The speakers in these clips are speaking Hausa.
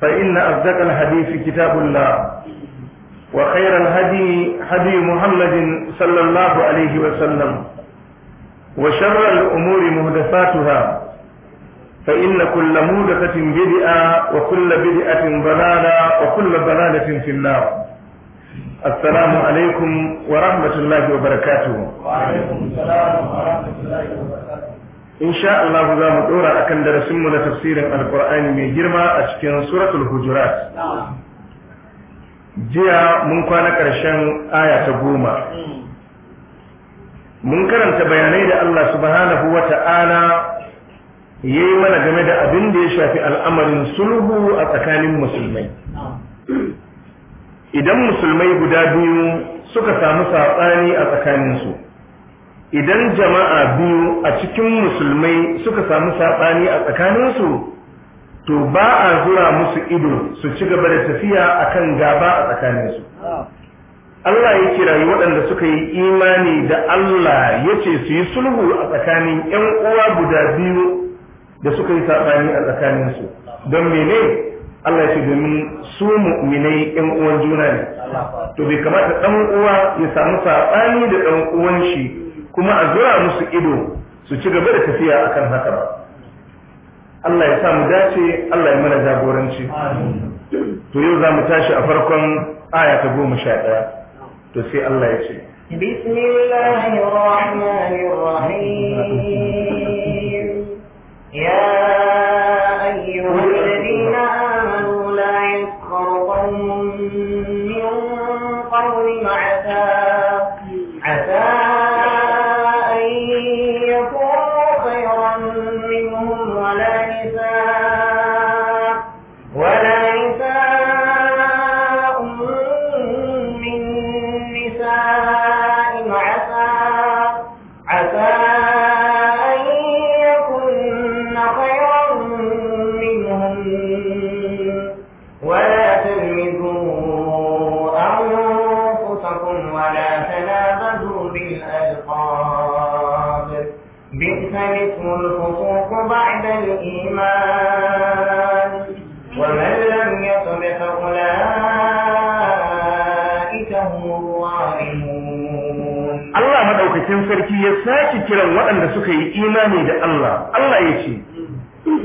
فإن أصدق الحديث كتاب الله وخير الهدي هدي محمد صلى الله عليه وسلم وشر الأمور مهدفاتها فإن كل مهدفة بدئة وكل بدئة ضلالة وكل ضلالة في النار السلام عليكم ورحمة الله وبركاته وعليكم السلام ورحمة الله وبركاته in sha Allah za mu dora a darasin mu na tafsirin alkur'ani mai girma a cikin suratul hujurat jiya mun kwana ƙarshen aya ta goma mun karanta bayanai da Allah subhanahu wata'ala yi mana game da abin da ya shafi al'amarin sulhu a tsakanin musulmai idan musulmai guda biyu suka samu saɓani a tsakaninsu idan jama'a biyu a cikin musulmai suka samu saɓani a tsakaninsu to ba a zura musu ido su ci gaba da tafiya a kan gaba a tsakaninsu Allah ya kirayi waɗanda suka yi imani da Allah ya ce su yi sulhu a tsakanin ‘yan uwa guda biyu da suka yi saɓani a tsakaninsu don mene Allah ya ce domin su mu'minai ‘yan uwan juna ne to bai kamata ɗan uwa ya samu saɓani da ɗan uwan shi kuma a zura musu ido su ci gaba da tafiya akan haka ba Allah ya sa mu dace Allah ya mana jagoranci to yau za mu tashi a farkon aya ta goma sha ɗaya to sai Allah ya ce Bismillahirrahmanirrahim Ya kiran waɗanda suka yi imani da Allah Allah ya ce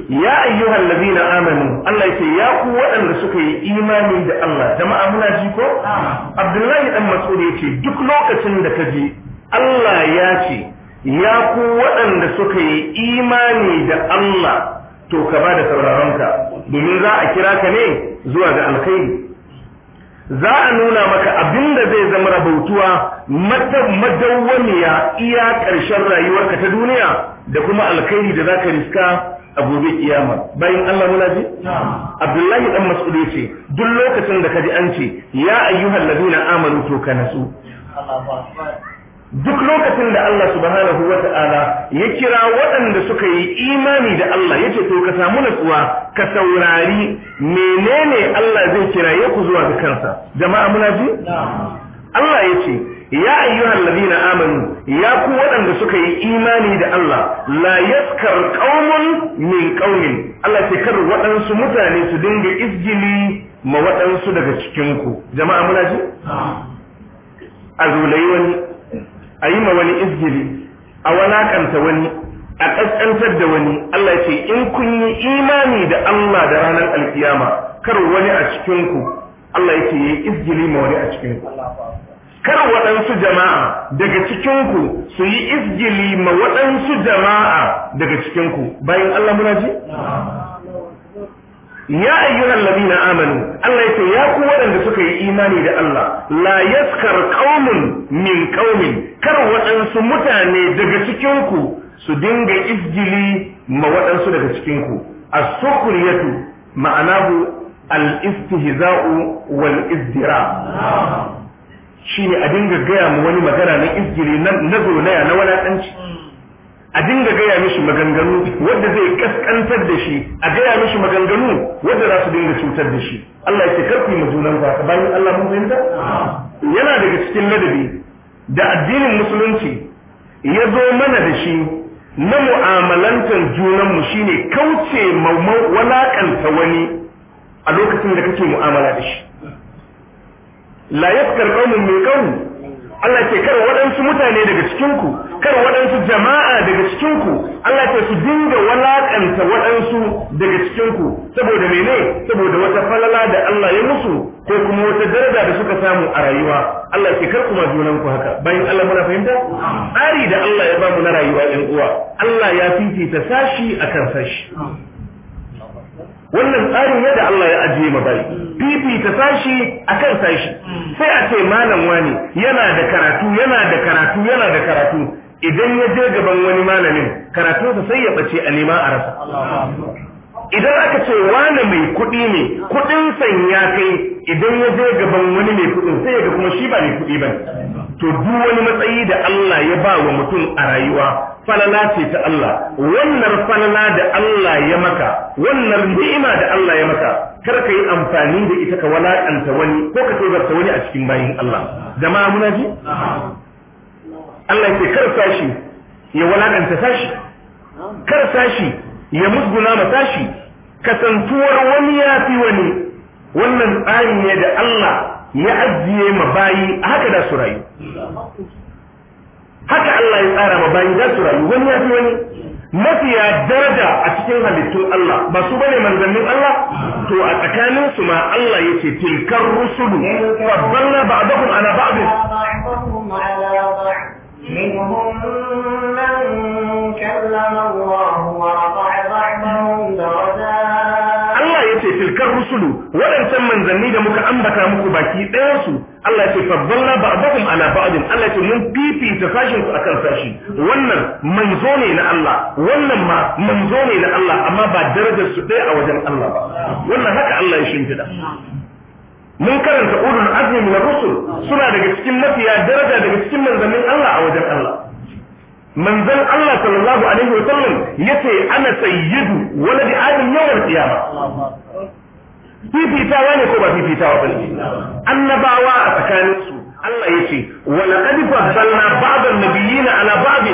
ya ayyuhal ladina amanu Allah ya ce ya ku waɗanda suka yi imani da Allah jama'a muna ji ko Abdullahi dan Mas'ud ya ce duk lokacin da ka ji Allah ya ce ya ku waɗanda suka yi imani da Allah to ka ba da sauraronka domin za a kira ka ne zuwa ga alkhairi za a nuna maka abinda zai zama rabautuwa madawwamiya iya ƙarshen rayuwarka ta duniya da kuma alkhairi da zaka riska a gobe kiyama bayan Allah muna ji Abdullahi dan Mas'ud ce duk lokacin da ji an ce ya ayyuhal ladina amanu to ka nasu duk lokacin da Allah subhanahu ta'ala ya kira waɗanda suka yi imani da Allah yace to ka samu natsuwa ka saurari menene Allah zai kira ya ku zuwa ga kansa jama'a muna ji Allah yace ya ayyuhal ladina amanu ya ku waɗanda suka yi imani da Allah la yaskar qaumun min qaumin Allah ce kar waɗansu mutane su dinga izgili ma waɗansu daga cikin ku jama'a muna ji azulai wani ayi ma wani izgili a walakanta wani a kaskantar da wani Allah ce in kun yi imani da Allah da ranar alkiyama kar wani a cikin ku Allah yake yi izgili ma wani a cikin ku kar waɗansu jama'a daga cikinku su yi izgili ma waɗansu jama'a daga cikinku bayan Allah muna ji? ya ayyuhal ladina amanu Allah yake ya ku waɗanda suka yi imani da Allah la yaskar qaumun min qaumin kar waɗansu mutane daga cikinku su dinga izgili ma waɗansu daga cikinku as-sukhriyatu ma'anahu al-istihza'u wal izdira shine a dinga gaya mu wani magana na izgiri na zonaya na walakanci a dinga gaya mishi maganganu wadda zai kaskantar da shi a gaya mishi maganganu wadda za su dinga cutar da shi Allah ya karfi mu junan ba bayan Allah mun fahimta yana daga cikin ladabi da addinin musulunci ya zo mana da shi na mu'amalantar mu shine kauce walakanta wani a lokacin da kake mu'amala da shi la yaskar qaumun min qaum Allah ce kar waɗansu mutane daga cikinku kar waɗansu jama'a daga cikinku Allah ce su dinga walakanta waɗansu daga cikinku saboda mene saboda wata falala da Allah ya musu ko kuma wata daraja da suka samu a rayuwa Allah ce kar kuma junan ku haka bayan Allah muna fahimta ari da Allah ya ba mu na rayuwa ɗan uwa Allah ya fifita sashi akan sashi wannan tsarin yadda Allah ya ajiye ma bai ta sashi akan sashi sai a ce malam wani yana da karatu yana da karatu yana da karatu idan ya je gaban wani malamin karatunsa sai ya bace a nema a rasa idan aka ce wani mai kuɗi ne kuɗin san ya kai idan ya je gaban wani mai kuɗin sai ya ga kuma shi ba mai kuɗi ba to duk wani matsayi da Allah ya ba wa mutum a rayuwa falala ce ta Allah wannan falala da Allah ya maka wannan ni'ima da Allah ya maka kar ka yi amfani da ita ka walakanta wani ko ka tozarta wani a cikin bayin Allah jama'a muna ji Allah ya ce kar sashi ya walakanta sashi kar sashi ya musguna ma sashi kasantuwar wani ya fi wani wannan tsari ne da Allah ya ajiye ma bayi haka da su rayu haka Allah ya tsara ma bayi da su rayu wani ya fi wani mafiya daraja a cikin halittun Allah ba su bane manzannin Allah to a tsakanin su ma Allah yake tilkar rusulu fadalla ba'dahum ba ba'd منهم من كلم rasulu waɗancan manzanni da muka ambata muku baki ɗaya su Allah ce faddalla ba'dakum ala ba'din Allah ce mun fifita sashin ku akan sashi wannan manzo ne na Allah wannan ma manzo ne na Allah amma ba darajar su ɗaya a wajen Allah ba wannan haka Allah ya shimfida mun karanta ulul azmi min rusul suna daga cikin mafiya daraja daga cikin manzannin Allah a wajen Allah Manzan Allah sallallahu alaihi wasallam yace ana sayyidu waladi adam yawal qiyama fifitawa ne ko ba fifitawa ba ne annabawa a tsakanin su Allah ya ce wa laqad faddalna ba'd an-nabiyyina ala ba'd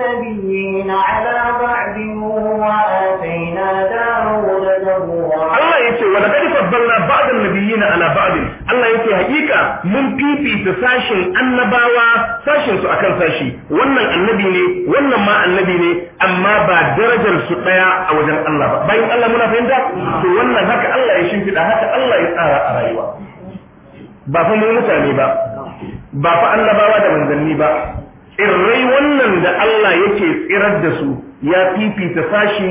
nabiyyina ala ba'd wa atayna Allah ya ce wani wala kadi faddalna ba'dan nabiyina ala ba'din Allah ya ce haƙiƙa mun fifita sashin annabawa sashin su akan sashi wannan annabi ne wannan ma annabi ne amma ba darajar su ɗaya a wajen Allah ba bayan Allah muna fahimta to wannan haka Allah ya shimfida haka Allah ya tsara a rayuwa ba fa mun mutane ba ba fa annabawa da manzanni ba tsirrai wannan da Allah yake tsirar da su ya fifita sashi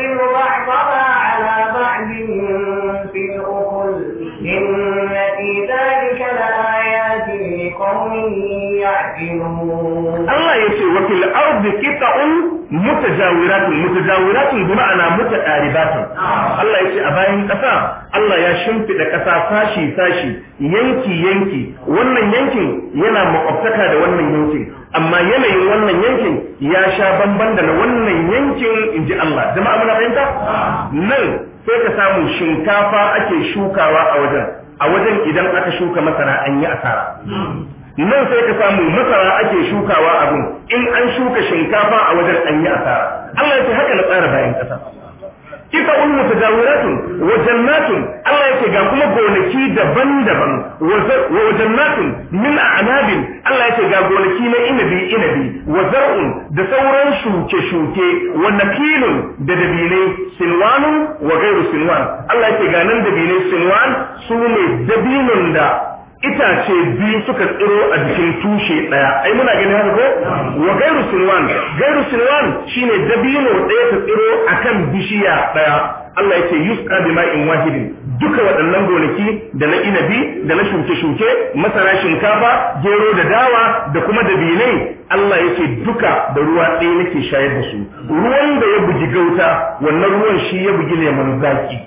الأرض قطع متجاورات Allah بمعنى متقاربات الله يشي أباين كسا الله يشمت كسا فاشي فاشي yanki-yanki. wannan yankin yana makwabtaka da wannan yankin amma yanayin wannan yankin ya sha bamban da na wannan yankin inji Allah jama'a muna yanka? nan sai ka samu shinkafa ake shukawa a wajen a wajen idan aka shuka masara an yi asara nan sai ka samu masara ake shukawa abin in an shuka shinkafa a wajen an yi asara Allah ya ce haka na tsara bayan ƙasa kita ta mutajawiratun wa jannatun Allah ya ce ga kuma gonaki daban-daban wa jannatun min a'nabin Allah ya ce ga gonaki na inabi inabi wa zar'un da sauran shuke-shuke wa nakilun da dabinai silwanu wa gairu silwan Allah ya ce ga nan dabinai silwan su ne dabilun da itace biyu suka tsiro a jikin tushe ɗaya ai muna gani haka ko wa gairu sinwan gairu sinwan shine dabino ɗaya ta tsiro akan bishiya ɗaya Allah ya ce yusqa ma'in wahidin duka waɗannan gonaki da na inabi da na shuke-shuke masara shinkafa gero da dawa da kuma dabinai Allah ya ce duka da ruwa ɗaya nake shayar da su ruwan da ya bugi gauta wannan ruwan shi ya bugi lemon zaki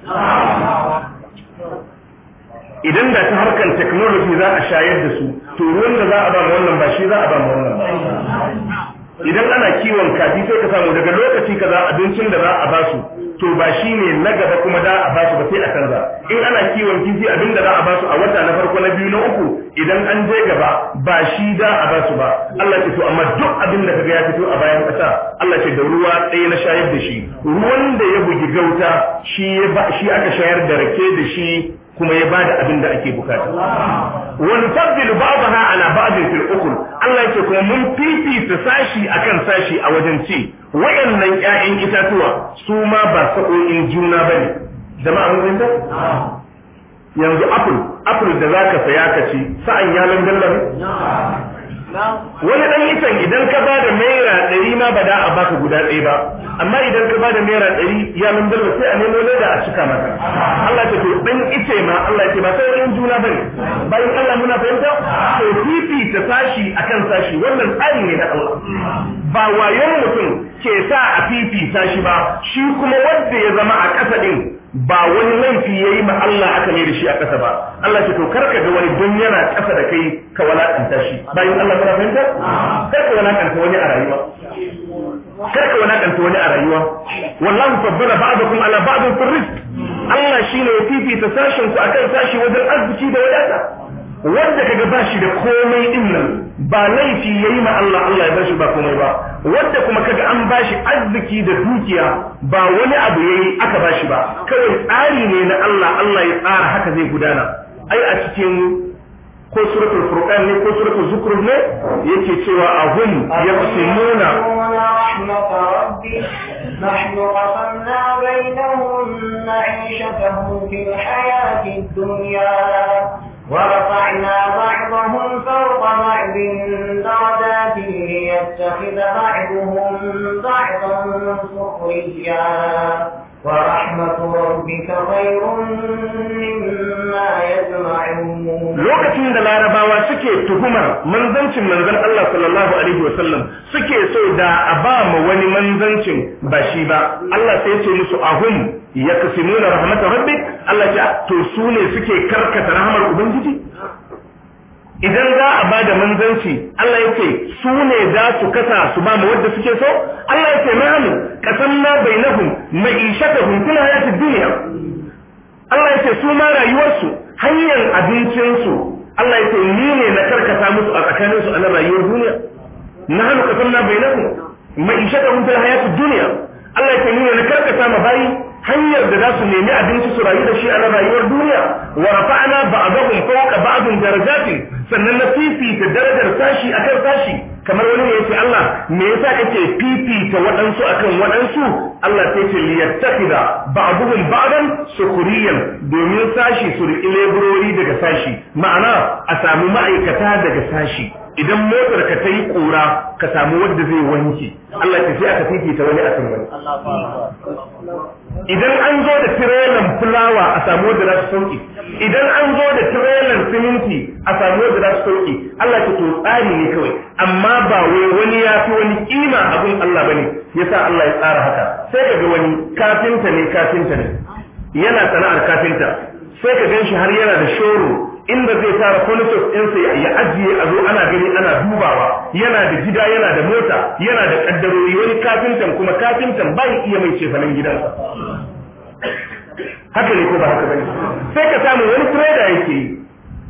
idan da ta harkar technology za a shayar da su to ruwan za a ba wannan ba shi za a ba wannan ba idan ana kiwon kaji sai ka samu daga lokaci kaza abincin da za a ba su to ba shi ne na gaba kuma da a ba su ba sai a canza in ana kiwon kifi abin da za a ba su a wata na farko na biyu na uku idan an je gaba ba shi da a ba su ba Allah ce to amma duk abin da kaga ya fito a bayan kasa Allah ce da ruwa ɗaya na shayar da shi ruwan da ya bugi gauta shi ya shi aka shayar da rake da shi kuma ya bada abin da ake bukata wa nufaddilu ba'daha ala ba'din fil ukhra Allah yake kuma mun fifita sashi akan sashi a wajen ce wayannan ƴaƴan itatuwa su ma ba sa'o'in juna bane jama'a mun fahimta yanzu apple apple da zaka saya ka ci sa'an ya langalla wani dan itan idan ka bada naira 100 ma ba da a baka guda ɗaya ba amma idan ka bada naira ɗari ya nan dalba sai a nemo leda a cika maka Allah ce to dan ice ma Allah ce ba sai wani juna bane bayan Allah muna fahimta to fifi ta sashi akan sashi wannan tsari ne na Allah ba wayon mutum ke sa a fifi sashi ba shi kuma wanda ya zama a ƙasa ɗin, ba wani laifi ya yi ma Allah aka ne da shi a ƙasa ba Allah ce to karka ga wani don yana ƙasa da kai ka walakanta shi bayan Allah muna fahimta karka walakanta wani a rayuwa kar ka wadanta wani a rayuwa wallahu faddala ba'dakum ala ba'din fi rizq Allah shine ya fifita sashin ku akan sashi wajen arziki da wadata wanda kaga bashi da komai din nan ba laifi yayi ma Allah Allah ya bashi ba komai ba wanda kuma kaga an bashi arziki da dukiya ba wani abu yayi aka bashi ba kawai tsari ne na Allah Allah ya tsara haka zai gudana ai a cikin ko suratul furqan ne ko suratul zukhruf ne yake cewa ahum yaqsimuna نحن قسمنا بينهم معيشتهم في الحياة الدنيا ورفعنا بعضهم فوق بعض درجات ليتخذ بعضهم بعضا سخريا lokacin da larabawa suke tuhumar manzancin manzon Allah sallallahu alaihi wasallam suke so da a ba mu wani manzancin ba shi ba Allah sai ce musu ahum yaksimuna rahmatar rabbik Allah ya to su ne suke karkata rahmar ubangiji idan za a ba da manzanci Allah ya ce su ne za su kasa su ba mu wadda suke so Allah ya ce na na kasan bai nahnu qasamna bainahum ma'ishatahum fil hayati duniya. Allah ya ce su ma rayuwarsu hanyar abincinsu Allah ya ce ni ne na karkata musu a tsakaninsu a na rayuwar duniya Na na hannu kasan bai nahnu qasamna bainahum ma'ishatahum fil hayati duniya. Allah ya ce ni ne na karkata ma bayi hanyar da za su nemi abinci su rayu da shi a na rayuwar duniya wa rafa'na ba'dahum fawqa ba'din darajatin sannan na fifita darajar sashi akan sashi kamar wani ne yace Allah me yasa kake fifita waɗansu akan waɗansu Allah sai ce liyattakhidha bugun ba'dan sukuriyan domin sashi su riƙi leburori daga sashi ma'ana a samu ma'aikata daga sashi idan motar ka ta yi kura ka samu wanda zai wanke Allah ya sai aka fifita wani a kan wani idan an zo da tirelan fulawa a samu wanda za su sauki idan an zo da tirelan siminti a samu wanda za su sauki Allah ya to tsari ne kawai amma ba wai wani ya fi wani kima abin Allah bane yasa Allah ya tsara haka sai ka ga wani kafinta ne kafinta ne yana sana'ar kafinta sai ka gan shi har yana da shoro inda zai tara politics ɗinsa ya ajiye a zo ana gani ana dubawa yana da gida yana da mota yana da ƙaddarori wani kafintan kuma kafintan ba ya iya mai cefanen gidansa haka ne ko ba haka bane sai ka samu wani trader yake yi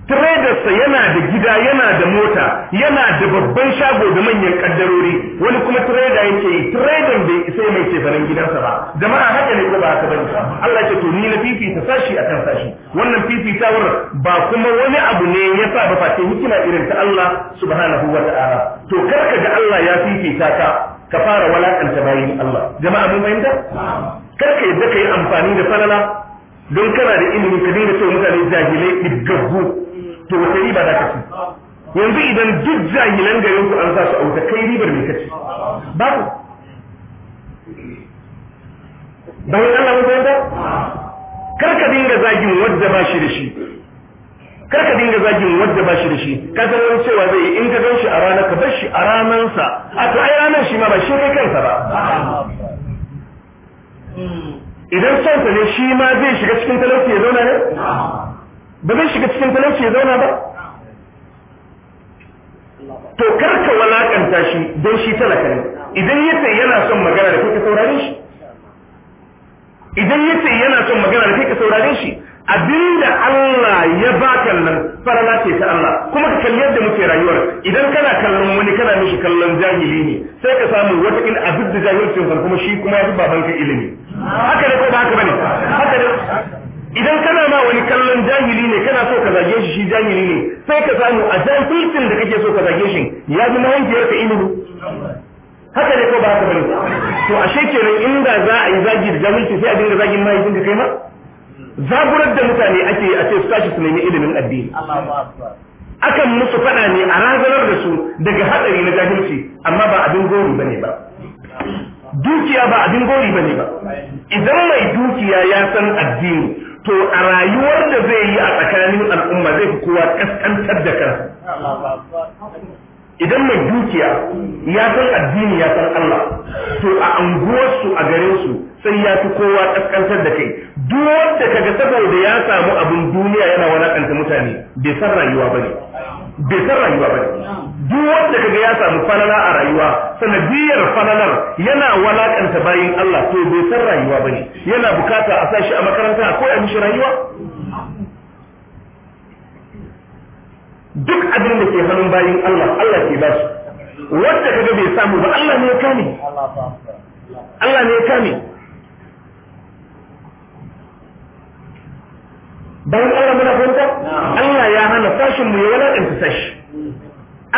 tradarsa yana da gida yana da mota yana da babban shago da manyan kaddarori wani kuma trader yake yi tradan bai isa mai cefanen gidansa ba jama'a haka ne ko ba haka bane Allah ya ce to ni na fifita sashi akan sashi wannan ta fifitawar ba kuma wani abu ne ya sa ba face hikima irin ta Allah subhanahu wa ta'ala to karka da Allah ya ta ka ka fara walakanta bayin Allah jama'a mun fahimta karka yadda kai amfani da falala don kana da ilimi ka dinga cewa mutane jahilai digaggu to wata riba za ka ci yanzu idan duk jahilan garin ku an sa su auta kai ribar ne kace ba ku bayan Allah mun fahimta kar ka dinga zagin wanda ba shi da shi kar ka dinga zagin wanda ba shi da shi ka san wani cewa zai in ka gan shi a ranar ka bar shi a ranansa a to ai ranar shi ma ba shi kai kansa ba idan son ne shi ma zai shiga cikin talauci ya zauna ne ba zai shiga cikin talauci ya zauna ba to karka walakanta shi don shi talaka ne idan yace yana son magana da kai ka saurare shi idan yace yana son magana da kai ka saurare shi abinda Allah ya baka nan farala ce ta Allah kuma ka kalli yadda muke rayuwar idan kana kallon wani kana mishi kallon jahili ne sai ka samu wata in abin da jahilcin kuma shi kuma ya fi babanka ilimi haka ne ko ba haka bane haka ne idan kana ma wani kallon jahili ne kana so ka zage shi jahili ne sai ka samu a jahilcin da kake so ka zage shi ya ji mahaifiyar ka ilimi haka ne ko ba haka bane to ashe kenan inda za a yi zagi da jahilci sai a dinga zagin mahaifin ka kai ma zaburar da mutane ake a ce su tashi su nemi ilimin addini akan musu faɗa ne a razanar da su daga hatsari na jahilci amma ba abin gori bane ba dukiya ba abin gori bane ba idan mai dukiya ya san addini to a rayuwar da zai yi a tsakanin al'umma zai fi kowa kaskantar da kan idan mai dukiya ya san addini ya san Allah to a anguwarsu a garinsu sai ya fi kowa kaskantar da kai duk wanda kaga saboda ya samu abin duniya yana wulakanta mutane bai san rayuwa bane bai san rayuwa bane duk wanda kaga ya samu falala a rayuwa sanadiyar falalar yana walakanta bayin Allah to bai san rayuwa bane yana bukata a sashi a makaranta ko a mishi rayuwa duk abin da ke hannun bayin Allah Allah ke ba su wanda kaga bai samu ba Allah ne ya kame Allah ne ya kame bayan Allah muna fahimta Allah ya hana sashin mu ya walakanta sashi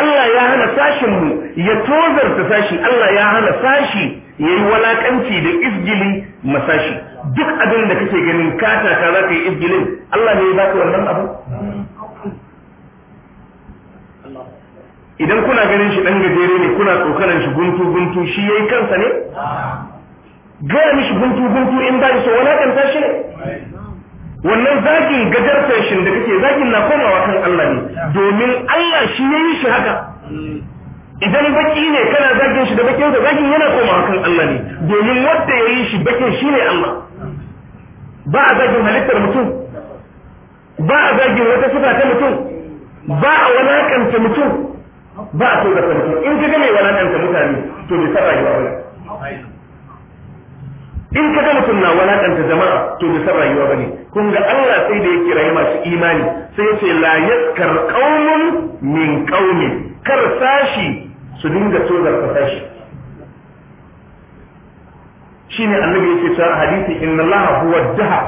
Allah ya hana sashin mu ya tozarta sashi Allah ya hana sashi ya yi walakanci da izgili masashi duk abin da kake ganin kata ka za ka yi izgilin Allah ne ya ka wannan abu idan kuna ganin shi dan gajere ne kuna tsokanar shi guntu guntu shi yayi kansa ne gaya mishi guntu guntu in ba shi walakanta shi ne wannan zagin gajartar shin da kake zagin na koma Allah ne domin Allah shi ya yi shi haka idan baki ne kana zagin shi da bakin da zagin yana koma hakan Allah ne domin wanda ya yi shi bakin shi ne Allah ba a zagin halittar mutum ba a zagin wata suka ta mutum ba a walakanta mutum ba a so da mutum in ka ga mai walakanta mutane to bai sa rayuwa ba in ka ga mutum na walakanta jama'a to bisa rayuwa bane kun ga Allah sai da ya kirayi masu imani sai ya ce la yaskar qaumun min qaumin kar sashi su dinga tozar sashi shine annabi yake cewa hadisi inna Allah huwa daha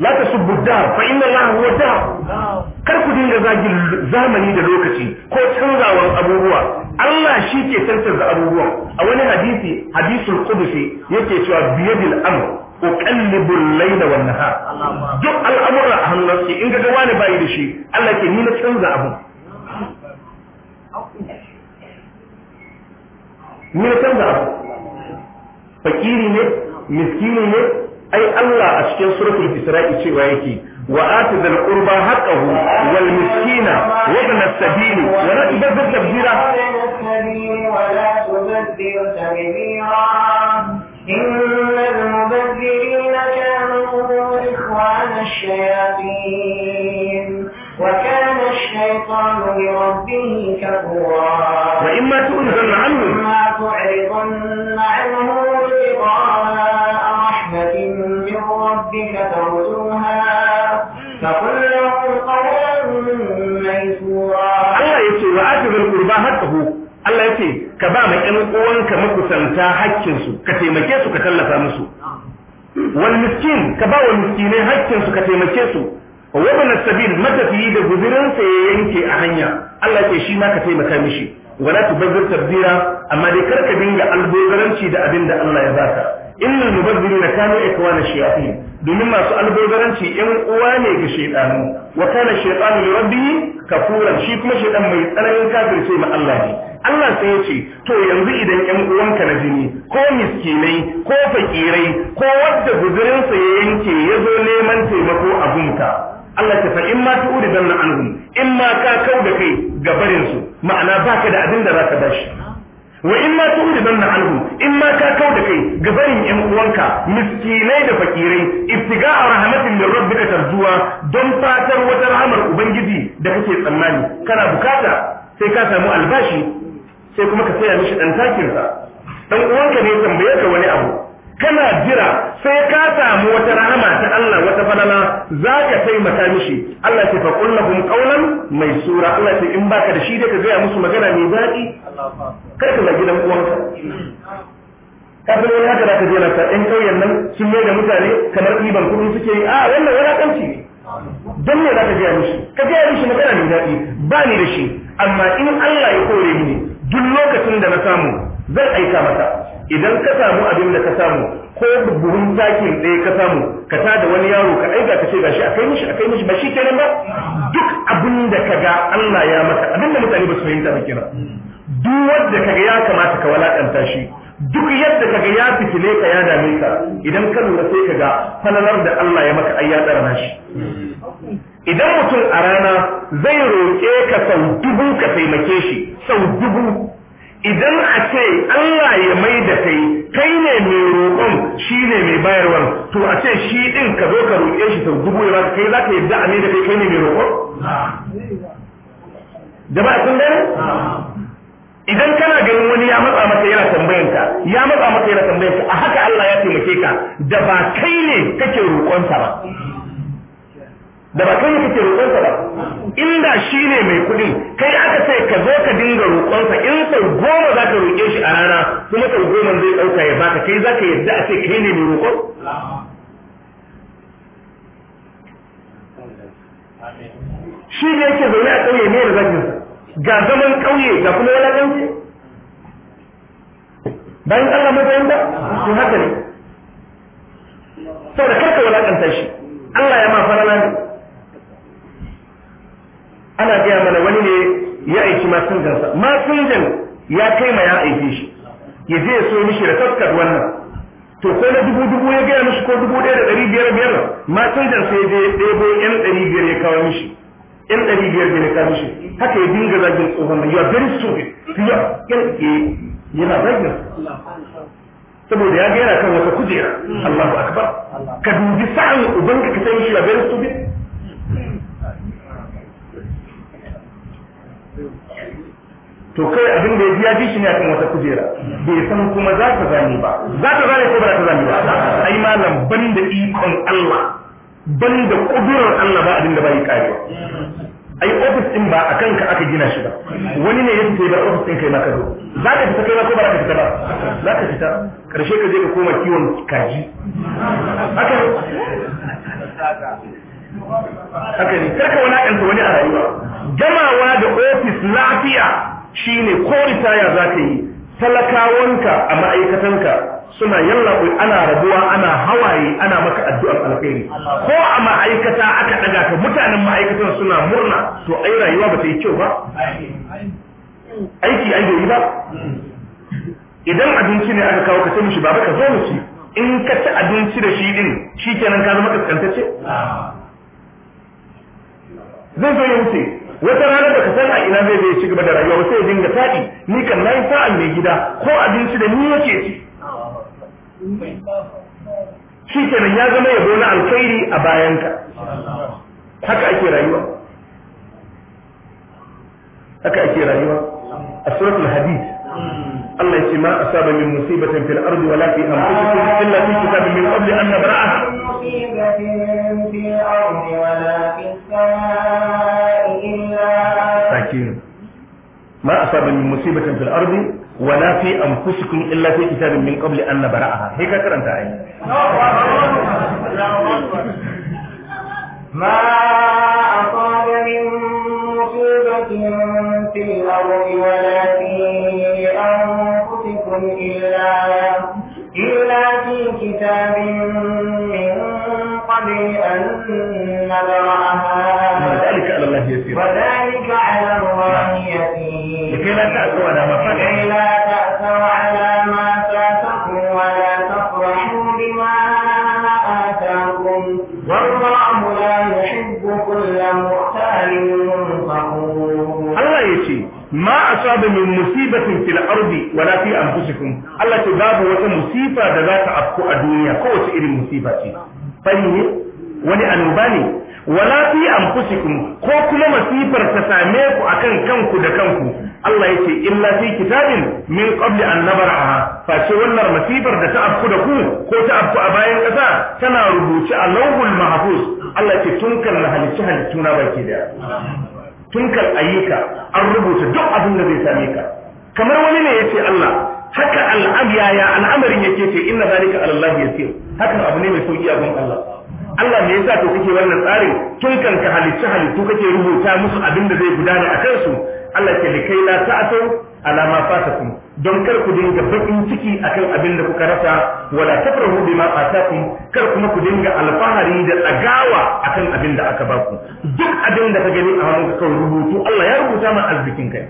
la tasubbu daha fa inna Allah huwa daha kar ku dinga zagin zamani da lokaci ko canzawan abubuwa Allah shi ke tantance abubuwan a wani hadisi hadisul qudusi yake cewa biyadil amr uqallibu al-layla wan nahar duk al'amura a hannunsa in ga wani bayi da shi Allah ke ni na canza abu ni na canza abu fakiri ne miskini ne ai Allah a cikin suratul isra'i cewa yake wal ذا القربى حقه والمسكين وابن السبيل ولا تبذل tabdira الذين ولا تبذر تبذيرا إن المبذرين كانوا إخوان الشياطين وكان الشيطان لربه كفورا وإما تؤذن عنه وإما تعرضن عنه makusanta su ka taimake su ka tallafa musu wal miskin ka ba wa miskinai su ka taimake su wa bin sabil matafiyi da sa ya yanke a hanya Allah ke shi ma ka taimaka mishi wala tubazzir tabzira amma dai kar ka dinga albogaranci da abin da Allah ya baka innal mubazzirina kanu ikwana shayatin domin masu albogaranci yan uwa ne ga shaytanu wa kana shaytanu li ka kafuran shi kuma shaytan mai tsananin kafirce ma Allah ne Allah sai ya ce to yanzu idan 'yan uwanka na jini ko miskinai ko fakirai ko wadda guzurinsa ya yanke ya zo neman taimako a gunka Allah ta fa in ma tu'ri danna anhum in ma ka kau da kai ga barinsu su ma'ana baka da abin da zaka shi. wa in ma tu'ri danna anhum in ma ka kau da kai ga barin 'yan uwanka miskinai da fakirai ibtiga'a rahmatin min rabbika tarjuwa don fatar wata rahmar ubangiji da kake tsammani kana bukata sai ka samu albashi sai kuma ka saya mishi dan takinsa dan uwanka ne tambaye ka wani abu kana jira sai ka samu wata rahama ta Allah wata falala za ka taimaka mishi Allah ce fa qul lahum qawlan sura. Allah ce in baka da shi dai ka gaya musu magana mai daɗi kar ka zagi dan uwanka kafin wani haka da ka jera ta ɗan ƙauyen nan sun mai da mutane kamar ɗiban kuɗin suke yi a wannan wulaƙanci ne don me za ka gaya mishi ka gaya mishi magana mai daɗi ba ni da shi amma in Allah ya kore ni duk lokacin da na samu zan aika masa idan ka samu abin da ka samu ko buhun takin ɗaya ka samu ka ta da wani yaro ka aika ka ce gashi akai mishi akai mishi ba shi kenan ba duk abin da ka ga Allah ya maka abin da mutane ba su fahimta ba kira duk wanda ka ga ya kamata ka walakanta shi duk yadda ka ga ya fitile ka ya dame ka idan ka lura sai ka ga falalar da Allah ya maka ai ya tsara shi idan mutum a rana zai roƙe ka sau dubu ka taimake shi sau dubu idan a ce Allah ya mai da kai kai ne mai roƙon shi ne mai bayarwar to a ce shi ɗin ka zo ka roƙe shi sau dubu ya baka kai za ka yadda a mai da kai kai ne mai roƙon? jama'a sun gani? idan kana ganin wani ya matsa maka yana ka ya matsa maka yana ka a haka Allah ya taimake ka da ba kai ne kake roƙonsa ba da ba kai kake roƙonsa ba inda shi ne mai kuɗi kai aka sai ka zo ka dinga roƙonsa in sau goma za ka roƙe shi a rana kuma sau goma zai ɗauka ya baka kai za ka yadda a sai kai ne mai roƙon shi ne yake zaune a ƙauye ne da zakin ga zaman ƙauye ga kuma wani ƙanci bayan Allah mazayin ba to haka ne saboda karka wulaƙanta shi Allah ya ma ne ana gaya mana wani ne ya aiki masinjansa masinjan ya kai ma ya aiki shi ya je ya so mishi da tafkar wannan to sai na dubu dubu ya gaya mishi ko dubu ɗaya da ɗari biyar biyar masinjan sai je ya ɗebo ɗari biyar ya kawo mishi 'Yan ɗari biyar ya kawo mishi haka ya dinga zagin tsohon nan you are very stupid Ya na yana zagin saboda ya gaya yana kan wata kujera Allahu akbar ka dubi sa'an ubanka ka san shi a very stupid to kai abin da ya ji ya ji shi ne akan wata kujera bai san kuma za ta zani ba za ta zani ko ba ta zani ba ai malam ban da ikon Allah ban da kudurar Allah ba abin da bai karewa ai ofis din ba akan ka aka gina shi ba wani ne ya fita ba ofis din kai maka do zo za ka fita kai ba ko ba ka fita ba za ka fita karshe ka je ka koma kiwon kaji haka haka ne karka wani akanta wani a rayuwa gamawa da ofis lafiya Shi ne ko ritaya za ka yi talakawanka a ma'aikatanka suna yallaɓe ana rabuwa ana hawaye ana maka addu'ar alkhairi ko a ma'aikata aka ɗaga ka mutanen ma'aikatan suna murna to ai rayuwa ba ta yi kyau ba aiki an yi ba idan abinci ne aka kawo ka ce mishi baba ka zo mu ci in ka ci abinci da shi din shi kenan ka zama kaskantacce zai zo ya wuce wata ranar da ka san a ina zai zai ci gaba da rayuwa ba sai ya dinga taɗi ni kan nayi sa'an mai gida ko abinci da ni yake ci shi kenan ya zama yabo na alkhairi a bayanka haka ake rayuwa haka ake rayuwa a suratul hadid Allah ya ce ma asaba min musibatin fil ardi wala fi anfusikum illa fi kitabin min qabli an nabra'aha مصيبة في الأرض ولا في السماء إلا سكين ما أصاب من مصيبة في الأرض ولا في أنفسكم إلا في كتاب من قبل أن نبرأها هيك كرمت عين ما أصاب من مصيبة في الأرض ولا في أنفسكم إلا إلا في كتاب من قبل أن نبرأها وذلك على الله يسير وذلك على الله يسير لكي لا تأسوا على ما فاتكم لكي لا تأسوا على ما فاتكم ولا تفرحوا بما آتاكم والله لا يحب كل مختال فخور الله يسير ما أصاب من مصيبة في الأرض ولا في أنفسكم Allah ce babu wata musifa da za ta afku a duniya kowace irin musifa ce fanni wani annoba ne wala fi anfusikum ko kuma masifar ta same ku akan kanku da kanku Allah yace illa fi kitabin min qabli an nabraha fa ce wannan masifar da ta afku da ku ko ta afku a bayan kasa tana rubuce a lawhul mahfuz Allah ce tun kan halicci halittu na baki da tun kan ayyuka an rubuta duk abin da zai same ka kamar wani ne yace Allah haka al'abiya al'amarin yake ce inna zalika ala ya yasir hakan abu ne mai sauki a gun Allah Allah me yasa to kake wannan tsarin tun kan ka halicci halittu kake rubuta musu abin da zai gudana a su? Allah ke da kai la ta'atu ala ma fatakum don kar ku dinga bakin ciki akan abin da kuka rasa wala tafrahu bima atakum kar kuma ku dinga alfahari da tsagawa akan abin da aka baku duk abin da ka gani a hannunka rubutu Allah ya rubuta ma arzikin kai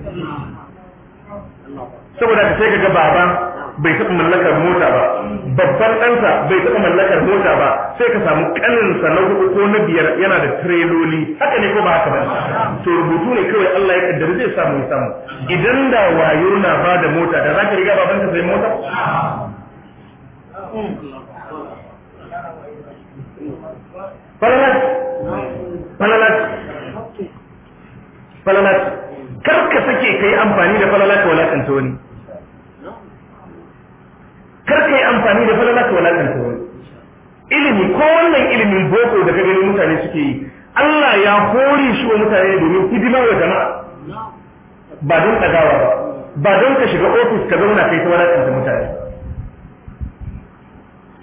saboda ka sai ga baba bai taɓa mallakar mota ba babban ɗansa bai taɓa mallakar mota ba sai ka samu ƙaninsa na hudu ko na biyar yana da tireloli haka ne ko ba haka ba to rubutu ne kawai Allah ya kaddara zai samu ya samu idan da wayo na ba da mota da za ka riga ka sai mota falalat falalat falalat kar ka sake kai amfani da falalat wala kanta wani kar ka yi amfani da falala ka kanta wani ilimi ko wannan ilimin boko da ka mutane suke yi Allah ya hori shi wa mutane domin hidima wa jama'a ba don ɗagawa ba ba don ka shiga ofis ka zauna kai ta walakanta mutane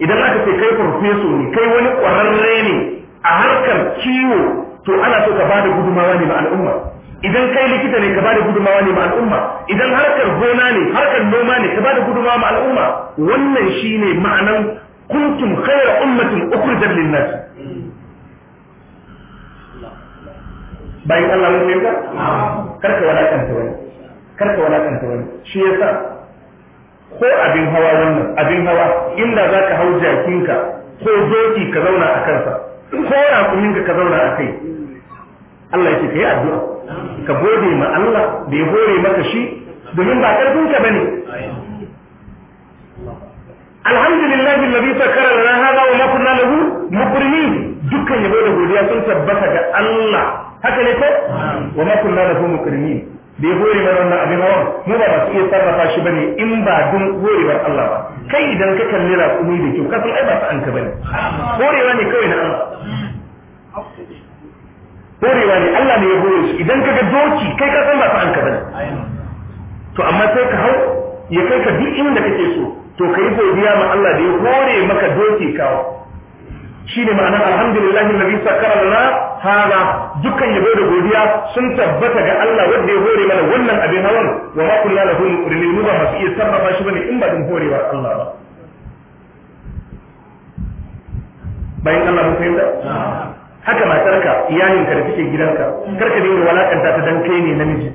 idan aka ce kai farfeso ne kai wani ƙwararre ne a harkar kiwo to ana so ka ba da gudumawa ne ma al'umma idan kai likita ne ka bada da gudumawa ne ma al'umma idan harkar gona ne harkar noma ne ka bada gudunmawa ma al'umma wannan shine ma'anan kuntum khayra ummatin ukhrijat lin-nas bayan Allah mun yi karka wala kanta wani karka wala kanta wani shi yasa ko abin hawa wannan abin hawa inda zaka hau jakinka ko doki ka zauna a kansa ko ya kuminka ka zauna a kai Allah ya ce kai addu'a ka gode ma Allah da ya hore maka shi domin ba karfin ka bane alhamdulillah alladhi sakara lana hada wa ma kunna lahu mukrimin dukkan yabo da godiya sun tabbata ga Allah haka ne ko wa ma kunna lahu mukrimin da ya hore mana wannan abin hawa mu ba su iya sarrafa shi bane in ba dun gorewar Allah ba kai idan ka kalli raƙumi da kyau ka san ai ba ta an ka bane gorewa ne kawai na Allah korewa ne Allah ne ya goye shi idan ga doki kai ka san ba ta an ka bane to amma sai ka hau ya kai ka duk inda kake so to kai godiya ma Allah da ya hore maka doki kawo shine ma'anar alhamdulillahi alladhi sakara lana hada dukkan yabo da godiya sun tabbata ga Allah wanda ya hore mana wannan abin hawan wa ma kunna lahu ba masu iya sarrafa shi bane in ba din horewar Allah ba bayan Allah mun fahimta haka matarka ka da take gidanka kar ka dinga walakanta ta dan kai ne namiji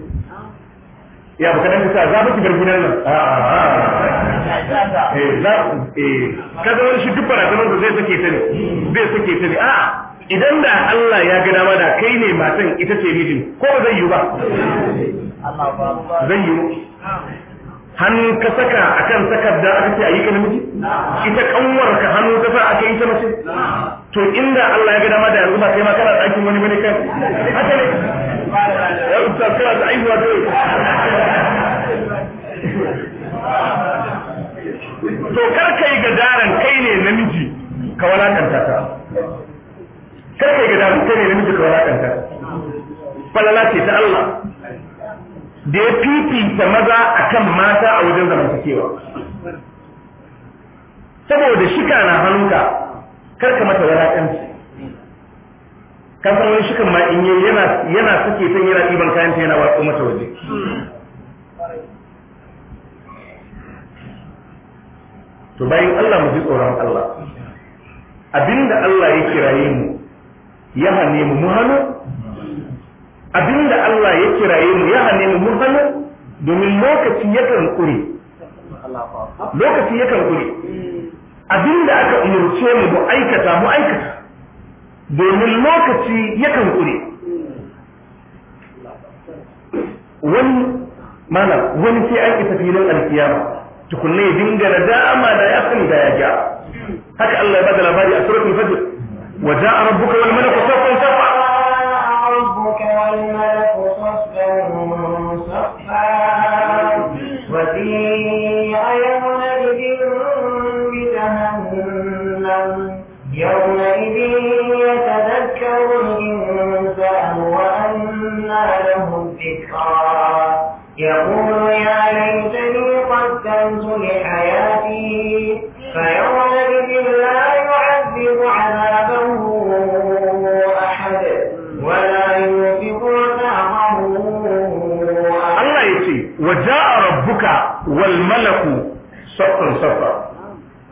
ya baka dan sa za ba ki bar gidan nan a a eh la eh kaga wani shi duk barazanar da zai sake ta ne zai sake ta ne a idan da Allah ya ga dama da kai ne matan ita ce mijin ko zai yi ba zai yi hannu ka saka akan sakar da aka ce a yi ka namiji ita ka hannu ta sa aka yi ta mace to inda Allah ya ga dama da yanzu ba kai ma kana ɗakin wani bane kai haka ne ya ustaz kana da aiwa to kar kai gadaran kai ne namiji ka walakanta ka kar kai gadaran kai ne namiji ka walakanta falala ce ta Allah da ya fifita maza akan mata a wajen zamantakewa saboda shika na hannunka kar ka mata wala ɗansu san wani shukan ma in yi yana suke san yana ɗiban kayan ta yana watsa mata waje to bayan Allah mu ji tsoron Allah abinda Allah ya kiraye mu ya hane mu mu abinda Allah ya kiraye mu ya hane mu mu domin lokaci yakan kure lokaci yakan kure Abin da aka umarce mu mu aikata mu aikata domin lokaci yakan kure wani mana wani sai an isa filin alkiyama tukunne ya dinga dama da ya sani da ya ja haka Allah ya bada labari a suratul fajr wa ja'a rabbuka wal malaku saffan saffa rabbuka wal malaku saffan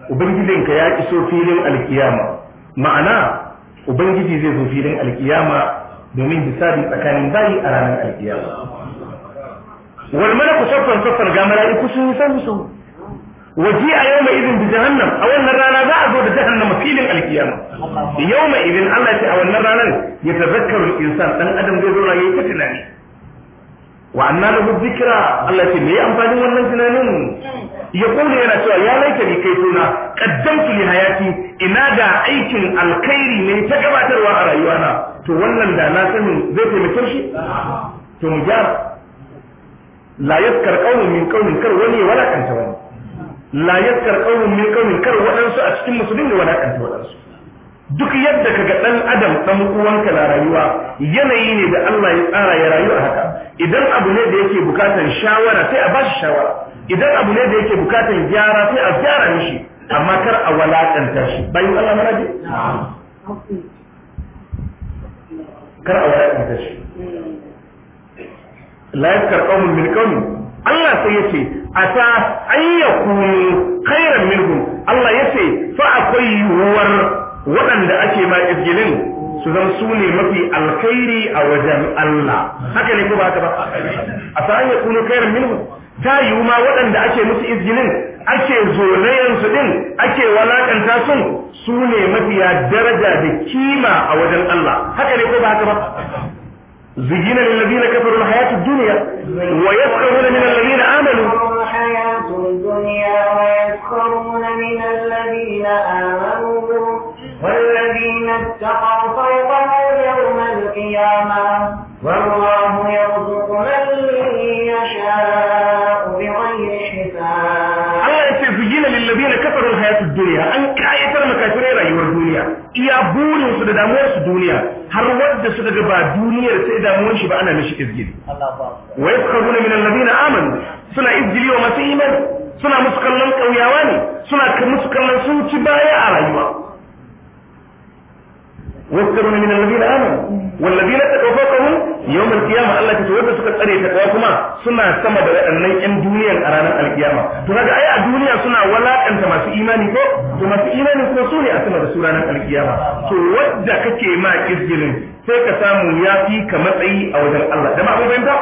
ubangijinka ya iso filin alkiyama ma'ana ubangiji zai zo filin alkiyama domin hisabi tsakanin bayi a ranar alkiyama wal malaku saffan saffan ga mala'iku sun yi san su Waje a yau mai izin da jahannam a wannan rana za a zo da jahannama filin alkiyama yau mai izin Allah ce a wannan ranar ya tazakkaru insan dan adam zai zo yayi ta tunani wa anna lahu dhikra Allah ce me amfani wannan tunanin ya kuma yana cewa ya kaitona qaddamtu li hayati ina da aikin alkhairi ne ta gabatarwa a rayuwana to wannan da na sanin zai taimake shi to mu gyara la yaskar qaumun min qaumin kar wani ya kanta wani la yaskar qaumun min qaumin kar waɗansu a cikin musulmi wala kanta waɗansu. duk yadda kaga dan adam dan uwanka na rayuwa yanayi ne da Allah ya tsara ya rayu a haka idan abu ne da yake bukatar shawara sai a bashi shawara idan abu ne da yake bukatar gyara sai a gyara mishi amma kar a walakanta shi bayan Allah na rage kar a walakanta shi la karɓar qawmun min qawmin Allah sai yace asa ayyakunu kairan minhum Allah Ya ce fa akwai yuwar waɗanda ake ma izgilin su zan su ne mafi alkhairi a wajen Allah haka ne ko ba haka ba a sa'an ya kairan minhu ta yiwu ma waɗanda ake musu izgilin ake zolayen su din ake walakanta sun su ne mafiya daraja da kima a wajen Allah haka ne ko ba haka ba زجين للذين كفروا الحياة الدنيا ويسخرون من الذين آمنوا الحياة الدنيا ويسخرون من الذين آمنوا والذين اتقوا فوقهم يوم القيامة والله يرزق من يشاء duniya an kayatar makafirai rayuwar duniya iya burin su da damuwar su duniya har wanda su daga ba duniyar sai damuwar shi ba ana mishi izgili wa yaskharuna min alladhina amanu suna izgili wa masu iman suna musu kallon kauyawa ne suna musu kallon sun ci baya a rayuwa واذكرون من الذين آمنوا والذين اتقوا فوقهم Allah القيامة الله تتوفى suka tsare ta kawa kuma suna sama da waɗannan ƴan duniyar a ranar alkiyama to kaga ai a duniya suna walaƙanta masu imani ko to masu imani ko su ne a sama da su ranar alkiyama to wadda kake ma kirgirin sai ka samu ya fi ka matsayi a wajen Allah da ma'amu ba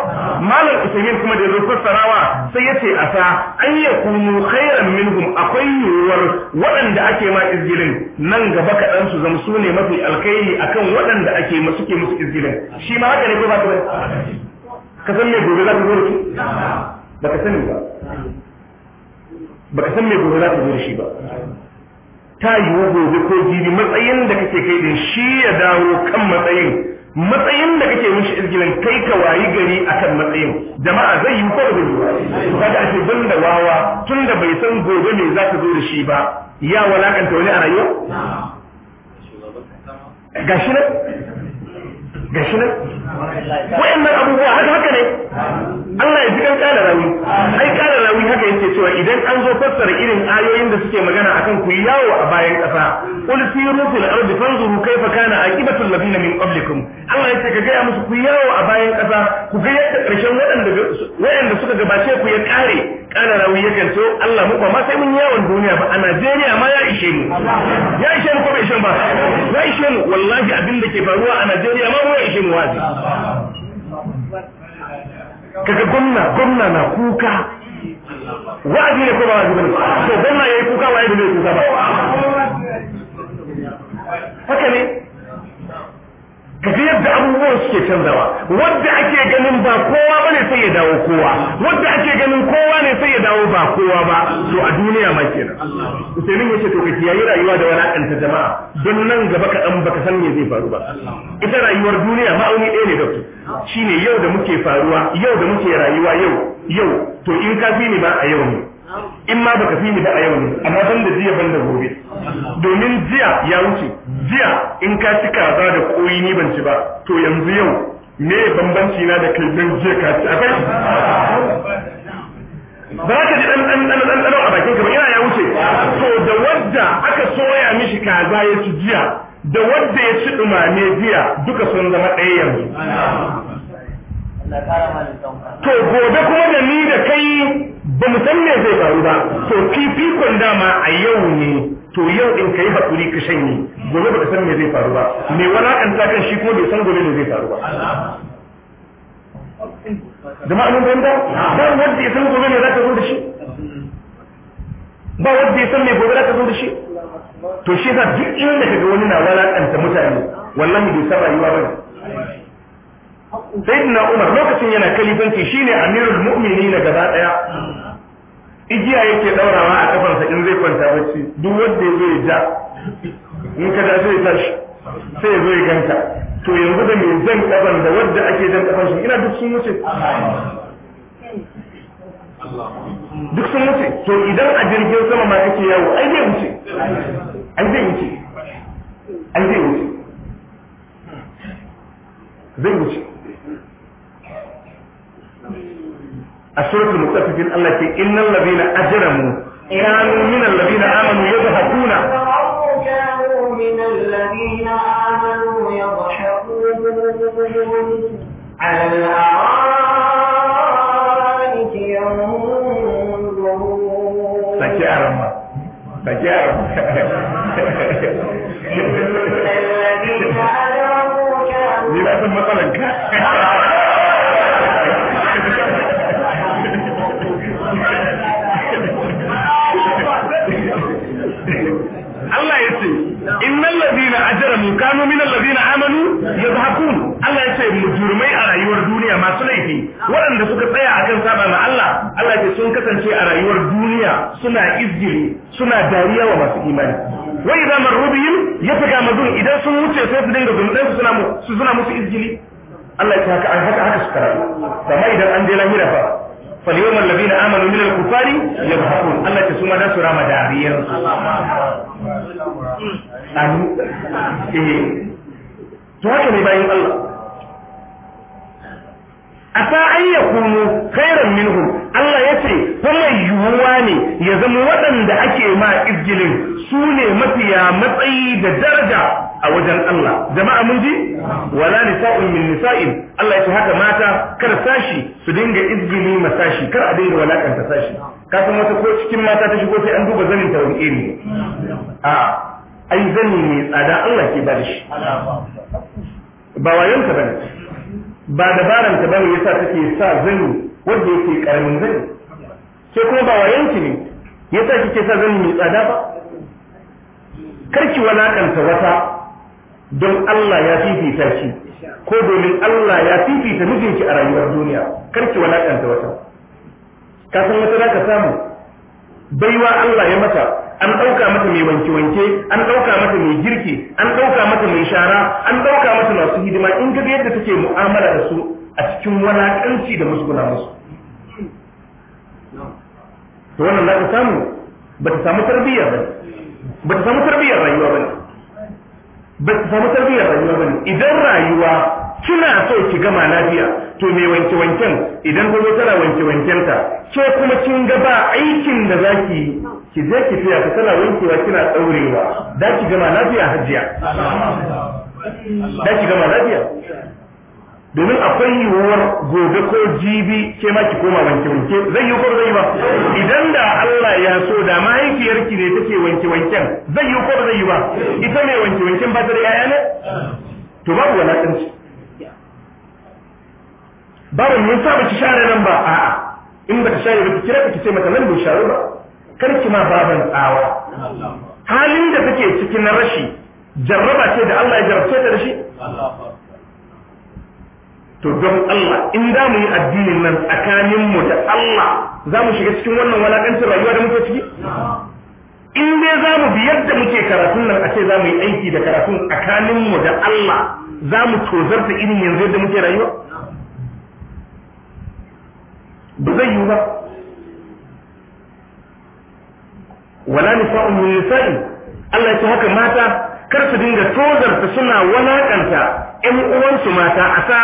malam usaimin kuma da ya zo fassarawa sai ya ce asa an ya kunu khairan minhum akwai yiwuwar waɗanda ake ma izgirin nan gaba kaɗan su zama su ne mafi alkhairi akan waɗanda ake masu ke musu izgirin shi ma haka ne ko ba ka ka san me gobe za ka zo ba ka sani ba ba ka san me gobe za ka zo da shi ba ta yiwu gobe ko jibi matsayin da kake kai din shi ya dawo kan matsayin matsayin da kake mishi izgilin kai ka wayi gari akan matsayin jama'a zai yi ko ba da ake ban da wawa tunda bai san gobe ne za ka zo da shi ba ya walakanta wani a rayuwa gashi ne ga shi nan wayannan abubuwa haka haka ne Allah ya ji kan kala rawi ai kala rawi haka yake cewa idan an zo fassara irin ayoyin da suke magana akan ku yawo a bayan kasa qul siru fil ardi fanzuru kayfa kana aqibatu alladhina min qablikum Allah ya ce ka gaya musu ku yawo a bayan kasa ku ga yadda karshen waɗanda waɗanda suka gabace ku ya kare kana rawi ya kanto Allah mu ba ma sai mun yi yawon duniya ba a Najeriya ma ya ishe mu ya ishe mu ko bai ishe ba ya ishe mu wallahi abin da ke faruwa a Najeriya ma mu ya ishe mu wazi kaga gwamna gwamna na kuka wazi ne ko ba wa'azi bane to gwamna yayi kuka wa'azi bai kuka ba haka ne kaga yadda abubuwan suke canzawa wadda ake ganin ba kowa bane sai ya dawo kowa wadda ake ganin kowa ne sai ya dawo ba kowa ba to a duniya ma sai Usaimin yace to ka kiyaye rayuwa da wala'anta jama'a don nan gaba ka dan baka san me zai faru ba ita rayuwar duniya ma'auni ɗaya ne doctor shine yau da muke faruwa yau da muke rayuwa yau yau to in ka fi ni ba a yau ne in ma baka fi ni da a yau ne amma ban da jiya ban da gobe domin jiya ya wuce jiya in ka ci kaza da koyi ni ban ci ba to yanzu yau me bambanci na da kai dan jiya ka ci akwai ba ka ji dan dan dan dan a bakin ka ba yana ya wuce to da wadda aka soya mishi kaza ya ci jiya da wadda ya ci dumame jiya duka sun zama ɗaya yanzu to gobe kuma da ni da kai ba mu san me zai faru ba to fifikon dama a yau ne to yau in kai hakuri ka shanye gobe ba ka san me zai faru ba me wala kan shi kuma bai san gobe ne zai faru ba jama'a mun fahimta ba wanda ya san gobe ne za ka zo da shi ba wanda ya san me gobe za ka zo da shi to shi yasa duk inda kaga wani na walakanta mutane wallahi bai saba ba bane sayyidina Umar lokacin yana kalifanci shine amirul na gaba daya igiya yake daurawa a kafansa in zai kwanta bacci duk wanda zai ya ja in ka da zai tashi sai ya zo ya ganta to yanzu da mai zan kafan da wanda ake jan kafan shi ina duk sun wuce duk sun wuce to idan a jirgin sama ma kake yawo ai zai wuce ai zai wuce ai zai wuce zai wuce السوره المطففين الله تي ان الذين اجرموا كانوا من الذين امنوا يضحكون على الارائك ينظرون فجارا فجارا الذين اجرموا كانوا من الذين اجرموا ajramu kanu min allazina amanu yadhakun Allah ya ce mujrimai a rayuwar duniya masu laifi waɗanda suka tsaya a kan saba ma Allah Allah ya sun kasance a rayuwar duniya suna izgiri suna dariya wa masu imani wa idza marru bihim yatagamazun idan sun wuce sai su dinga zundan suna suna musu izgiri Allah ya ce haka haka suka rayu amma idan an je lahira fa فاليوم الذين آمنوا من الكفار يضحكون الله تسمى دا سورة مدارية آمين إيه تواجه نبايين الله asa an ya khairan minhu Allah ya ce kuma yiwuwa ne ya zama waɗanda ake ma izgilin su ne mafiya matsayi da daraja a wajen Allah jama'a mun ji wala nisa'un min nisa'in Allah ya ce haka mata kar sashi su dinga izgini masashi kar a dinga walakanta sashi ka san wata ko cikin mata ta shigo sai an duba zanin ta wani ne a ai zani mai tsada Allah ke bada shi ba wayon ta bane ba dabaran ta bane yasa take sa zani wanda yake karamin zani sai kuma ba wayon ki ne yasa kike sa zani mai tsada ba karki walakanta wata don Allah ya fifita shi ko domin Allah ya fifita mijinki a rayuwar duniya karki walakanta wata ka san wata za ka samu baiwa Allah ya mata an ɗauka mata mai wanke-wanke an ɗauka mata mai girki an ɗauka mata mai shara an ɗauka mata masu hidima in ga yadda take mu'amala da su a cikin walakanci da musu guna musu to wannan za ka samu ba ta samu tarbiyya ba ba ta samu tarbiyya rayuwa ba ne ba ki samu tarbiyyar rayuwa ba idan rayuwa kina so ki gama lafiya to me wanke wanken idan ka zo tana wanke wanken ta ke kuma kin ga ba aikin da za ki ki je ki fiya ta tana wankewa kina daurewa da ki gama lafiya hajiya da ki gama lafiya domin akwai yiwuwar gobe ko jibi ke ma ki koma wanke wanke zai yi ko zai ba idan da Allah ya so da mahaifiyarki ne take wanke wanken zai yi ko zai ba ita mai wanke wanken ba ta da yaya ne to babu walakanci babu mun saba ki share nan ba a'a in ba ka share ba kira ki ce mata nan bai share ba kar ki ma baban tsawa halin da take cikin rashi jarraba ce da Allah ya jarrace ta da shi to don Allah in da mu yi addinin nan tsakanin mu da Allah za mu shiga cikin wannan walakancin rayuwa da muke ciki in dai za mu bi yadda muke karatun nan a ce za mu yi aiki da karatun tsakanin mu da Allah za mu tozarta irin yanzu yadda muke rayuwa ba zai yiwu ba wala nisa'un min nisa'in Allah ya ce haka mata kar su dinga tozarta suna walakanta ƴan uwansu mata a sa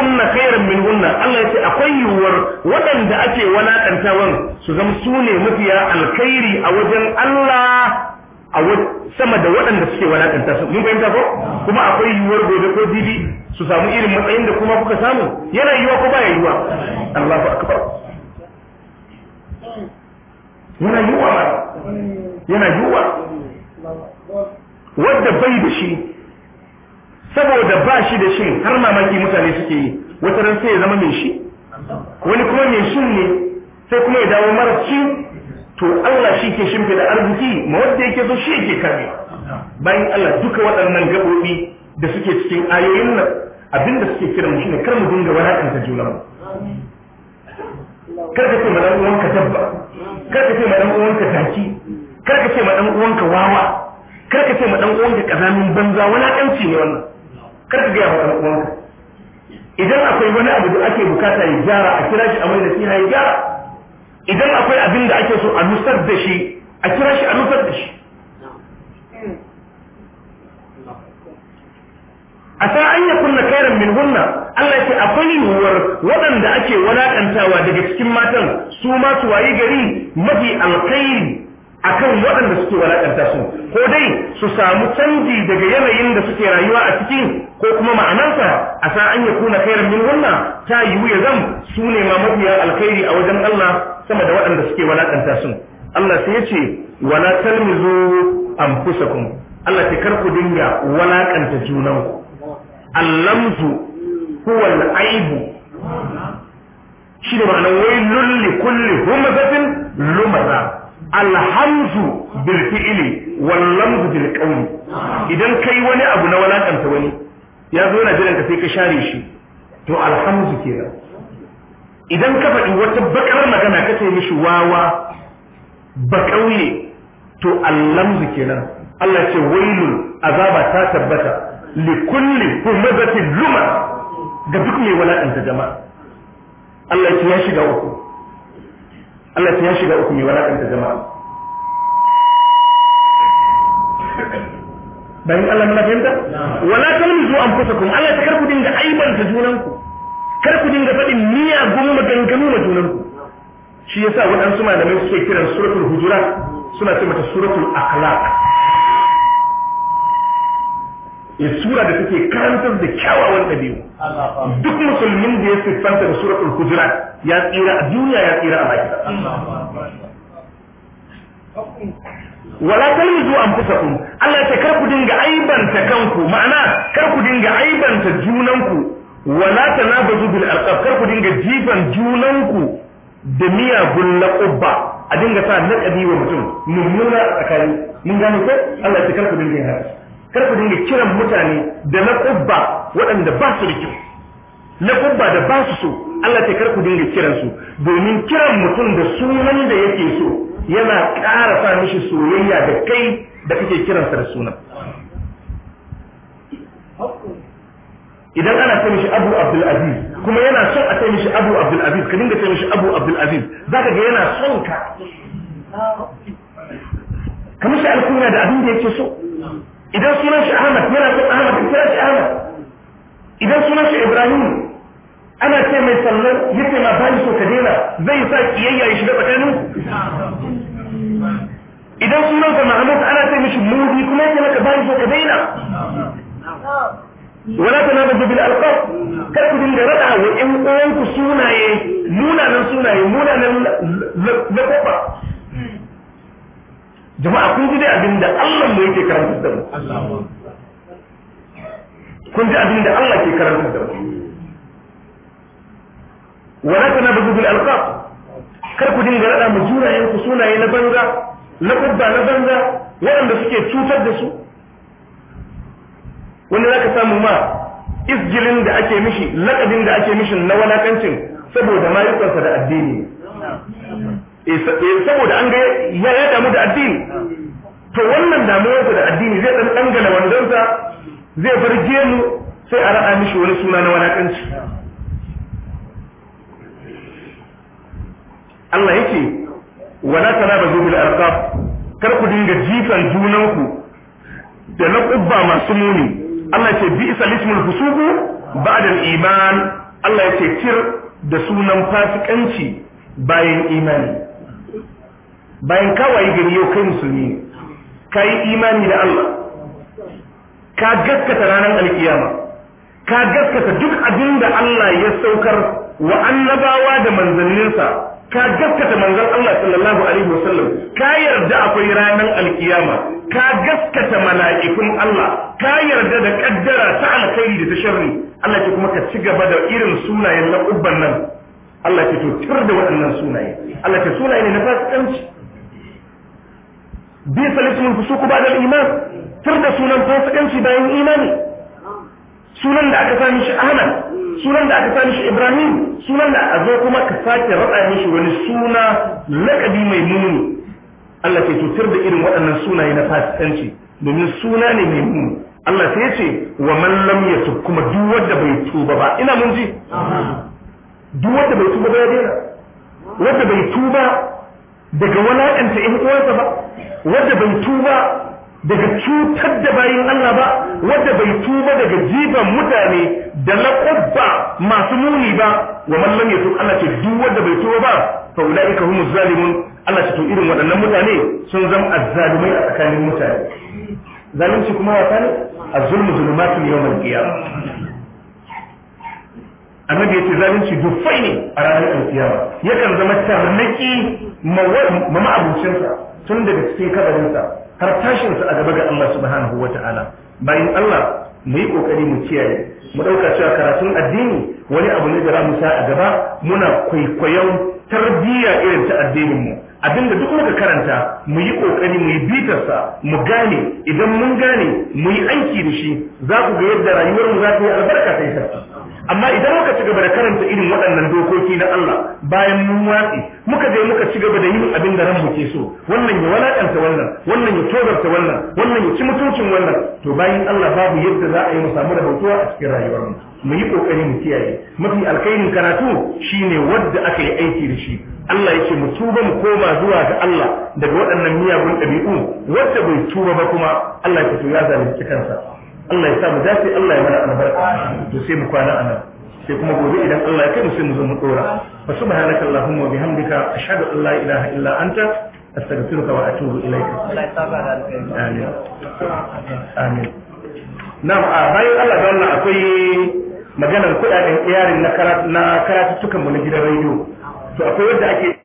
an na khairan min wunna. Allah ya ce akwai yiwuwar waɗanda ake wan su zama su ne mafiya alkhairi a wajen Allah a sama da waɗanda suke walakanta su mun fahimta ko kuma akwai yiwuwar gobe ko bibi su samu irin matsayin da kuma kuka samu yana yiwuwa ko baya yiwuwa Allahu akbar yana yiwuwa yana yiwuwa Wadda bai da shi saboda ba shi da shin har mamaki mutane suke yi wata ran sai ya zama mai shi wani kuma mai shin ne sai kuma ya dawo mara shi to Allah shi ke shimfida arziki ma wanda yake so shi yake kare bayan Allah duka waɗannan gaɓoɓi da suke cikin ayoyin nan abinda suke kira mu shine kar mu dinga ta juna mu kar ka ce ma dan uwanka dabba kar ka ce ma dan uwanka taki kar ka ce ma dan uwanka wawa kar ka ce ma dan uwanka kazamin banza walakanci ne wannan kar ka gaya wa ɗan uwanka idan akwai wani abu da ake bukata ya gyara a kira shi a mai nasiha ya gyara idan akwai abin da ake so a nusar da shi a kira shi a nusar da shi a sa an ya kunna kairan min hunna Allah ya ce akwai yiwuwar waɗanda ake walakantawa daga cikin matan su ma su gari mafi alkhairi akan waɗanda suke walakanta su ko dai su samu canji daga yanayin da suke rayuwa a cikin ko kuma ma'anarsa a sa an ya kuna khairan min ta yiwu ya zam su ne ma mafiya alkhairi a wajen Allah sama da waɗanda suke walakanta su Allah sai ya ce wala talmizu anfusakum Allah ta karku dinga walakanta junanku allamzu huwa al-aibu shi ne ma'anar wailul li kulli humazatin lumaza alhamzu bil fi'li wal lamzu bil qawli idan kai wani abu na walakanta wani ya zo yana jiran ka sai ka share shi to alhamzu kenan idan ka faɗi wata bakar magana ka ce mishi wawa ba kauye to allamzu kenan Allah ce wailu azaba ta tabbata li kulli humazatin luma ga duk mai walakanta jama'a Allah ya shiga uku Allah ya shiga uku mai walakanta jama'a bayan Allah mana fahimta wala talmizu kuma Allah ta karku dinga da junanku kar ku dinga faɗin miya maganganu ma junanku shi yasa waɗansu malamai suke kiran suratul hujura, suna ce mata suratul akhlaq ya sura da take karantar da kyawawan ɗabi'u duk musulmin da ya siffanta da suratul hujurat ya tsira a duniya ya tsira a lafiya wala talmizu anfusakum Allah ya ce kar ku dinga aibanta kanku ma'ana kar ku dinga aibanta junanku wala tanabazu bil alqab kar ku dinga jifan junanku da miyagun laqabba a dinga sa laqabi wa mutum mummuna a tsakani mun gane ko Allah ya ce kar ku dinga yin haka kar ku dinga kiran mutane da na kubba waɗanda ba su da kyau na kubba da ba su so Allah ta kar ku dinga kiran su domin kiran mutum da sunan da yake so yana ƙara sa mishi soyayya da kai da kake sa da sunan idan ana ce shi Abu Abdul Aziz kuma yana son a ce shi Abu Abdul Aziz ka dinga ce shi Abu Abdul Aziz zaka ga yana son ka kamar shi alkuna da abin da yake so اذا سناش احمد من اقول احمد سناش احمد اذا سناش ابراهيم انا كما يصلى يتي ما بانسو كدينا زي ساك ايايا يشبه بكانو اذا سناش محمد انا تمش مودي كما يتنا كبانسو كدينا ولا تنابد بالالقاب كيف تنجا رضع وانقوانك سونا ايه مونا نسونا ايه مونا نلقبا jama'a kun ji dai abin da Allah mu yake karanta da mu kun ji abin da Allah ke karanta da mu wa la tanabzu bil alqab kar ku dinga rada mu jurayen ku sunaye na banza na kubba na banza waɗanda suke cutar da su wanda zaka samu ma isgilin da ake mishi laƙabin da ake mishi na walakancin saboda mayukansa da addini Eh, eh, saboda an ga ya damu da addini to wannan damuwarsa da addini zai dan dangala wandonsa zai bar gemu sai a raɗa mishi wani suna na walakanci Allah yake wala tanabazu bil arqab kar ku dinga jifan junanku da laqabba masu muni Allah ya ce bi isa lismul fusuqu ba'da al iman Allah ya ce tir da sunan fasikanci bayan imani bayan kawai gari yau kai musulmi ne ka yi imani da Allah ka gaskata ranar alkiyama ka gaskata duk abin da Allah ya saukar wa annabawa da manzanninsa ka gaskata manzan Allah sallallahu alaihi wasallam ka yarda akwai ranar alkiyama ka gaskata mala'ikun Allah ka yarda da kaddara ta alkhairi da ta sharri Allah ke kuma ka ci gaba da irin sunayen na nan Allah ke to da waɗannan sunaye Allah ke sunaye ne na fasikanci bi salisul fusuku ba da iman tur da sunan fasikanci bayan imani sunan da aka sami shi Ahmad sunan da aka sami shi Ibrahim sunan da a zo kuma ka sake rada mishi wani suna lakabi mai muni Allah ke tutar da irin waɗannan sunaye na fasikanci domin suna ne mai muni Allah sai ce wa man lam yatub kuma duk wanda bai tuba ba ina mun ji duk wanda bai tuba ba ya daina wanda bai tuba daga walakanta in uwansa ba wadda bai tuba daga cutar da bayin Allah ba wadda bai tuba daga jifan mutane da laqabba masu muni ba wa man ya yatub Allah ce duk wadda bai tuba ba fa ka humuz zalimun Allah ce to irin waɗannan mutane sun zama azzalumai a tsakanin mutane zalunci kuma wata ne azzulmu zulumatul yawmal qiyamah annabi yace zalunci dufai ne a ranar alkiyama yakan zama tarnaki mamma abincinsa tun daga cikin kabarinsa har tashinsa a gaba ga Allah subhanahu wa ta'ala bayan Allah mu yi kokari mu kiyaye mu ɗauka cewa karatun addini wani abu ne da za mu sa a gaba muna kwaikwayon tarbiyya irin ta addinin mu abinda duk muka karanta mu yi kokari mu yi bitarsa mu gane idan mun gane mu yi aiki da shi za ku ga yadda rayuwar mu za ta yi albarka ta amma idan muka ci gaba da karanta irin waɗannan dokoki na Allah bayan mun watsi muka je muka ci gaba da yin abin da ran ke so wannan ya walakanta wannan wannan ya tozarta wannan wannan ya ci mutuncin wannan to bayan Allah babu yadda za a yi mu samu bautuwa a cikin rayuwar mu mu yi kokari mu kiyaye mafi alkairin karatu shine wanda aka yi aiki da shi Allah yake mu tuba mu koma zuwa ga Allah daga waɗannan miyagun ɗabi'u wadda bai tuba ba kuma Allah ya to ya zalunci kansa Allah ya sa mu dace Allah ya mana albarka to sai mu kwana anan sai kuma gobe idan Allah ya kai mu sai mu zo mu dora fa subhanaka allahumma wa bihamdika ashhadu an la ilaha illa anta astaghfiruka wa atubu ilaik Allah ya saba da alkhairi amin amin na bayan Allah da wannan akwai maganar kudaden iyarin na karatu na karatu tukan mu na gidan radio to akwai wanda ake